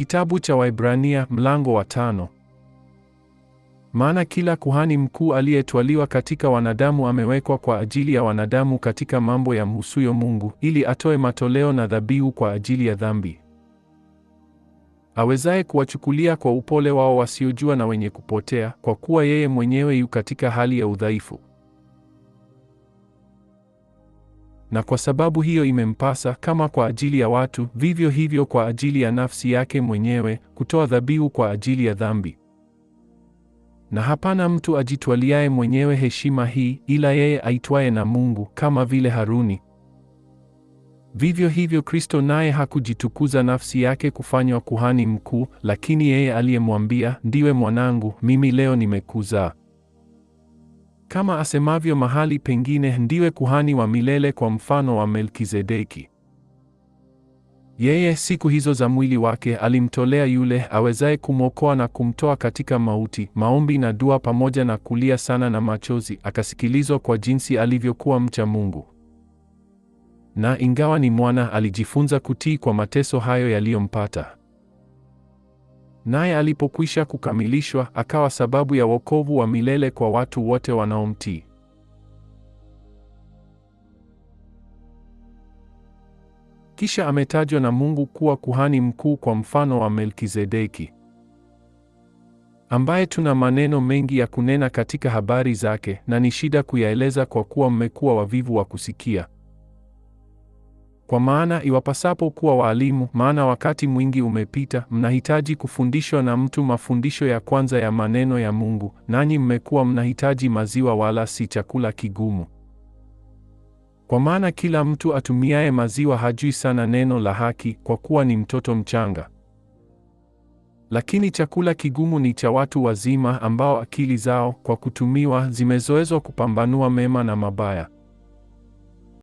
Kitabu cha Waibrania mlango wa tano. Maana kila kuhani mkuu aliyetwaliwa katika wanadamu amewekwa kwa ajili ya wanadamu katika mambo ya mhusuyo Mungu, ili atoe matoleo na dhabihu kwa ajili ya dhambi, awezaye kuwachukulia kwa upole wao wasiojua na wenye kupotea, kwa kuwa yeye mwenyewe yu katika hali ya udhaifu. na kwa sababu hiyo imempasa, kama kwa ajili ya watu, vivyo hivyo kwa ajili ya nafsi yake mwenyewe, kutoa dhabihu kwa ajili ya dhambi. Na hapana mtu ajitwaliaye mwenyewe heshima hii, ila yeye aitwaye na Mungu, kama vile Haruni. Vivyo hivyo Kristo naye hakujitukuza nafsi yake kufanywa kuhani mkuu, lakini yeye aliyemwambia, Ndiwe mwanangu, mimi leo nimekuzaa kama asemavyo mahali pengine, ndiwe kuhani wa milele kwa mfano wa Melkizedeki. Yeye siku hizo za mwili wake alimtolea yule awezaye kumwokoa na kumtoa katika mauti, maombi na dua, pamoja na kulia sana na machozi, akasikilizwa kwa jinsi alivyokuwa mcha Mungu. Na ingawa ni mwana, alijifunza kutii kwa mateso hayo yaliyompata naye alipokwisha kukamilishwa, akawa sababu ya wokovu wa milele kwa watu wote wanaomtii. Kisha ametajwa na Mungu kuwa kuhani mkuu kwa mfano wa Melkizedeki, ambaye tuna maneno mengi ya kunena katika habari zake, na ni shida kuyaeleza kwa kuwa mmekuwa wavivu wa kusikia. Kwa maana iwapasapo kuwa waalimu, maana wakati mwingi umepita, mnahitaji kufundishwa na mtu mafundisho ya kwanza ya maneno ya Mungu, nanyi mmekuwa mnahitaji maziwa, wala si chakula kigumu. Kwa maana kila mtu atumiaye maziwa hajui sana neno la haki, kwa kuwa ni mtoto mchanga. Lakini chakula kigumu ni cha watu wazima, ambao akili zao kwa kutumiwa zimezoezwa kupambanua mema na mabaya.